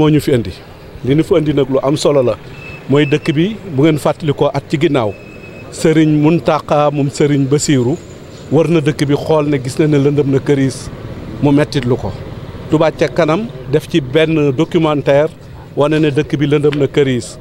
moo ñu fi indi li ñu fi indi nag lu am solo la mooy dëkk bi bu ngeen fàttali ko at ci ginnaaw sëriñ Muntaxa moom sëriñ Basiiru war na dëkk bi xool ne gis na ne lëndam na këriis mu mettit ko Touba ca kanam def ci benn documentaire wane ne dëkk bi lëndëm na këriis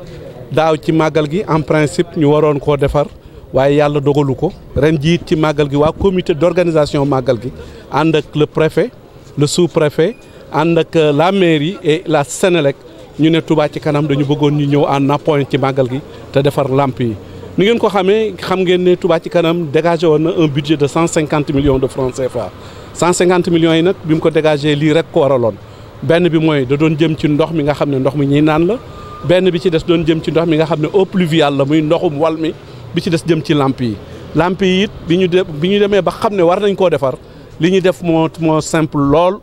daaw ci màggal gi en principe ñu waroon koo defar waaye yàlla dogalu ko ren jiit ci màggal gi waa comité d'organisation màggal gi ànd ak le préfet le sous-préfet ànd ak euh, la yi et la Sénélec ñu ne Touba ci kanam dañu bëggoon ñu ñëw en appoint ci màggal gi te defar lamp yi ni ngeen ko xamee xam ngeen ne Touba ci kanam dégagé woon na un budget de cent cinquante millions de francs CFA cent cinquante millions yi nag bi mu ko dégagé lii rek ko waraloon benn bi mooy da doon jëm ci ndox mi nga xam ne ndox mi ñuy naan la benn bi ci des doon jëm ci ndox mi nga xam ne eau pluviale la muy ndoxum wal mi bi ci des jëm ci làmp yi làmp yi it bi ñu de bi ñu demee ba xam ne war nañ koo defar li ñu def moo moo lool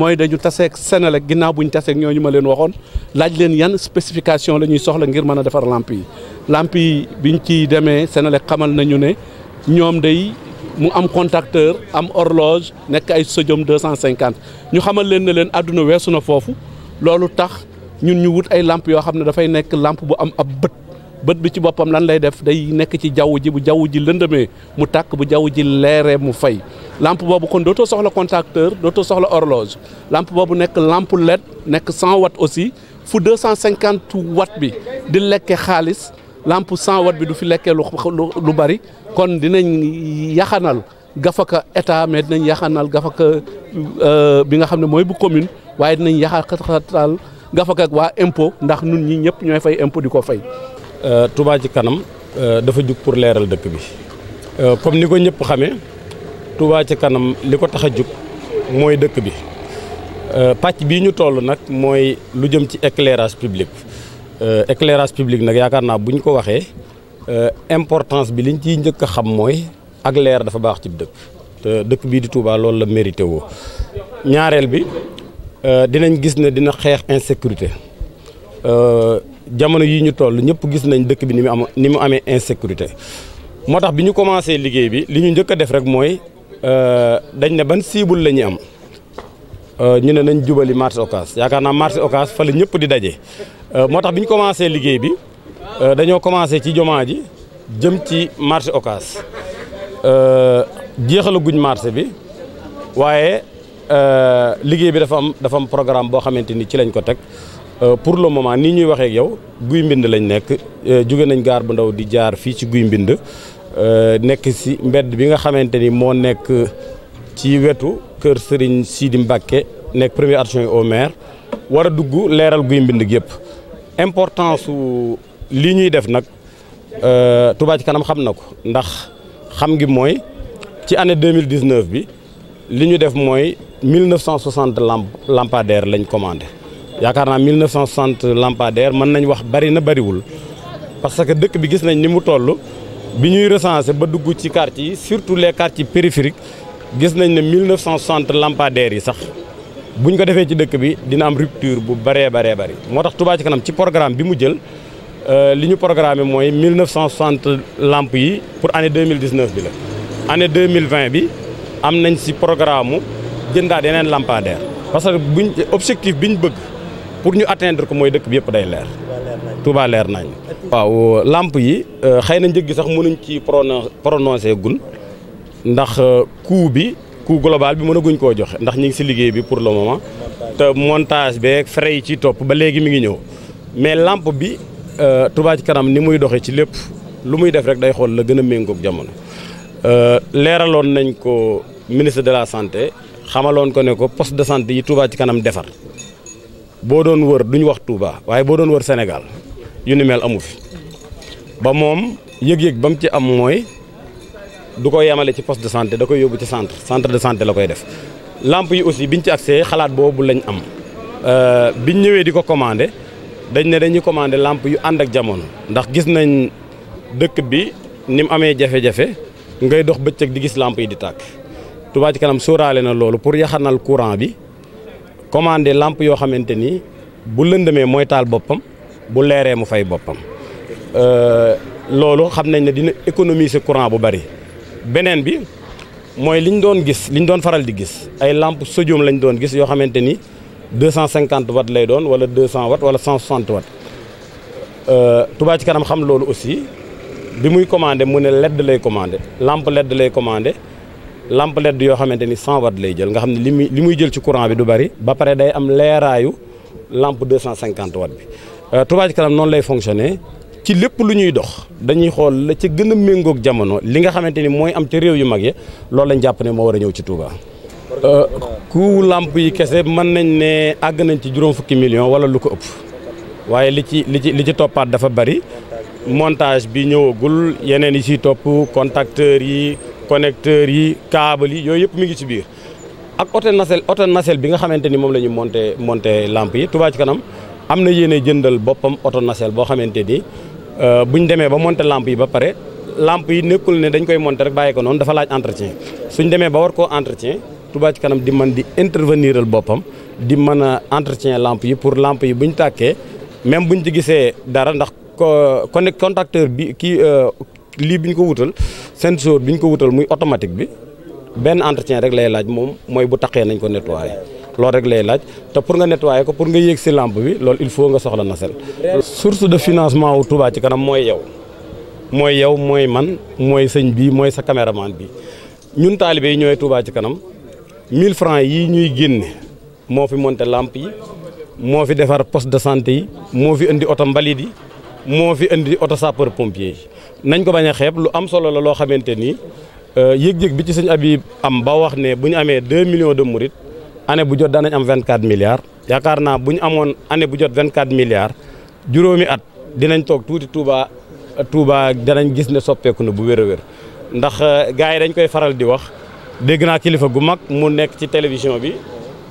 mooy dañu taseeg Senelec ginnaaw bu ñu taseeg ñu ma leen waxoon laaj leen yan spécification la ñuy soxla ngir mën a defar lamp yi lamp yi biñ ciy demee Senelec xamal nañu ne ñoom day mu am contacteur am horloge nekk ay sodium 250 ñu xamal leen ne leen àdduna weesu na foofu loolu tax ñun ñu wut ay làmp yoo xam ne dafay nekk làmp bu am ab bët bët bi ci boppam lan lay def day nekk ci jaww ji bu jaww ji lëndëmee mu tàkk bu jaww ji leeree mu fay lampe boobu kon dootoo soxla contacteur dootoo soxla horloge lampe bu nekk làmp LED nekk 100 aussi fu 250 watt bi di lekke xaalis làmp 100 bi du fi lekkee lu lu bari kon dinañ yaxanal gafaka état mais dinañ yaxanal gafaka euh, bi nga xam ne mooy bu commune waaye dinañ yaxatal gafaka ak waa impo ndax ñun ñii ñëpp ñooy fay impôt di ko fay Euh, Touba ci kanam euh, dafa jug pour leeral dëkk bi euh, comme ni ko ñëpp xamee Touba ci kanam li ko tax a jug mooy dëkk bi pàcc bi ñu toll nag mooy lu jëm ci éclairage public éclairage public nag yaakaar naa bu ñu ko waxee importance bi liñ ciy njëkk a xam mooy ak leer dafa baax ci dëkk te dëkk bii di Touba loolu la mérité ñaareel bi dinañ gis ne dina xeex insécurité jamono yi ñu toll ñëpp gis nañ dëkk bi ni mu am ni mu amee insécurité moo tax bi ñu commencé liggéey bi li ñu njëkk a def rek mooy euh, dañ ne ban cible la ñu am euh, ñu ne nañ jubali marché Ocass yaakaar naa marché Ocass fa la ñëpp di daje euh, moo tax bi ñu commencé liggéey bi dañoo commencé ci jomaa ji jëm ci marché Ocass jeexalaguñ marché bi waaye liggéey bi dafa am dafa am programme boo xamante ni ci lañ ko teg Euh, pour le moment nii ñuy waxee ak yow guy mbind lañ nekk euh, jóge nañ gaar bu ndaw di jaar fii ci guy mbind euh, nekk si mbedd bi nga xamante ni moo nekk ci wetu kër Serigne Sidi Mbacke nekk premier adjoint au maire war a dugg leeral guy mbind gi yëpp importance su lii ñuy def nag Touba ci kanam xam na ko ndax xam ngi mooy ci année 2019 bi li ñu def mooy 1960 lampadaire lañ commandé yaakaar naa 1960 lampadaire mën nañ wax bari na bariwul parce que dëkk bi gis nañ ni mu toll bi ñuy recensé ba dugg ci quartier yi surtout les quartiers périphériques gis nañ ne 1960 lampadaires yi sax bu ñu ko defee ci dëkk bi dina am rupture bu baree baree bari moo tax Touba ci kanam ci programme bi mu jël euh, li ñu programmé mooy 1960 lampes yi pour année 2019 bi la année 2020 bi am nañ si programme mu jëndaat yeneen lampadaire parce ñu buñ objectif biñ bëgg pour ñu atteindre ko mooy dëkk bi yëpp day leer Touba leer nañ waaw làmp yi euh, xëy na njëg sax mënuñ ci prononcé gun ndax euh, coût bi coût global bi mënaguñ koo joxe ndax ñu ngi si liggéey bi pour le moment te montage beeg frais yi ci topp ba léegi mi ngi ñëw mais làmp bi euh, Touba ci kanam ni muy doxee ci lépp lu muy def rek day xool la gën a méngoog jamono leeraloon nañ ko ministre de la santé xamaloon ko ne ko poste de santé yi Touba ci kanam defar boo doon wër duñu wax Touba waaye boo doon wër senegal yu ni mel amu fi ba moom yëg-yëg ba mu ci am mooy du ko yemale ci poste de santé da koy yóbbu ci centre centre de santé la koy def làmp yi aussi bi biñ ci accès xalaat boobu lañ am euh, biñ ñëwee di ko commandé dañ ne dañuy commandé làmp yu ànd ak jamono ndax gis nañ dëkk bi ni mu amee jafe-jafe ngay dox bëccëg di gis lamp yi di tàkk Touba ci kanam sóoraale na loolu pour yaxanal courant bi commandé làmp yoo xamante ni bu lëndamee mooy boppam bu leeree mu fay boppam euh, loolu xam nañ ne dina économiser courant bu bari beneen bi mooy liñ doon gis li ñu doon faral di gis ay lampe sodium lañ doon gis yoo xamante ni deux cent cinquante watt lay doon wala deux cent watt wala cent soixante watt euh, Touba ci kanam xam loolu aussi bi muy commandé mu ne ledd lay commandé làmp ledd lay commandé lampe LED yoo xamante ni 100 watt lay jël nga xam ne li muy li muy jël ci courant bi du bari ba pare day am leeraayu lampe 250 watt bi euh, Touba Ca Kanam noonu lay fonctionner ci lépp lu ñuy dox dañuy xool la ci gën a méngoog jamono li nga xamante ni mooy am ci réew yu mag yi loolu lañ jàpp ne moo war a ñëw ci Touba. Euh, ku làmp yi kese mën nañ ne àgg nañ ci juróom fukki million wala lu ko ëpp waaye li ci li ci li ci toppaat dafa bari montage bi ñëwagul yeneen yi ciy topp contacteurs yi. connecteur yi câble yi yooyu yëpp mi ngi ci biir ak oto nacelle oto nacelle bi nga xamante ni moom la ñu monté monté lampe yi Touba ci kanam am na yéene jëndal boppam oto nacelle boo xamante euh, bu ñu demee ba monte lampe yi ba pare làmp yi nekkul ne dañ koy monté rek bàyyi ko noonu dafa laaj entretien suñ demee ba war koo entretien Touba ci kanam di mën di interveniral boppam di mën a entretien làmp yi pour làmp yi buñ tàkkee même buñ ci gisee dara ndax ko connecteur bi kii euh, lii bi ñu ko wutal seen sóor bi ñu ko wutal muy automatique bi benn entretien rek lay laaj moom mooy bu taqee nañ ko nettoyé loolu rek lay laaj te pour nga nettoyé ko pour nga yéeg si lampe bi loolu il faut nga soxla na seen source de financement wu Touba ci kanam mooy yow mooy yow mooy man mooy sëñ bi mooy sa caméraman bi ñun taalibe yi ñooy Touba ci kanam 1000 francs yi ñuy génne moo fi monter làmp yi moo fi defar poste de santé yi moo fi indi oto mbalit yi moo fi indi oto sapeur pompier yi nañ ko bañ a xeeb lu am solo la loo xamante ni euh, yëg-yëg bi ci sëñ abi am ba wax ne bu ñu amee 2 millions de mourides année bu jot danañ am 24 milliards yaakaar naa bu ñu amoon année bu jot 24 milliards juróomi at dinañ toog tuuti Touba Touba danañ gis ne soppeeku na bu wér a wér ndax euh, gars yi dañ koy faral di wax dégg naa kilifa gu mag mu nekk ci télévision bi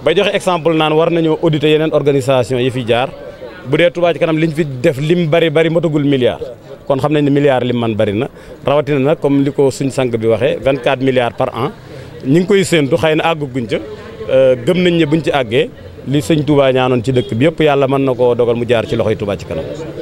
ba joxe exemple naan war nañoo auditer yeneen organisation yi fi jaar. bu dee Touba ci kanam liñ fi def lim bari bari matagul milliard kon xam nañ ne milliard lim man bari na rawatina na comme li ko suñ sang bi waxee 24 milliards par an ñu ngi koy séentu xay na àgguñ ca euh, gëm nañ ne buñ ci àggee li sëñ Touba ñaanoon ci dëkk bi yëpp yàlla mën na ko dogal mu jaar ci loxo Touba ci kanam.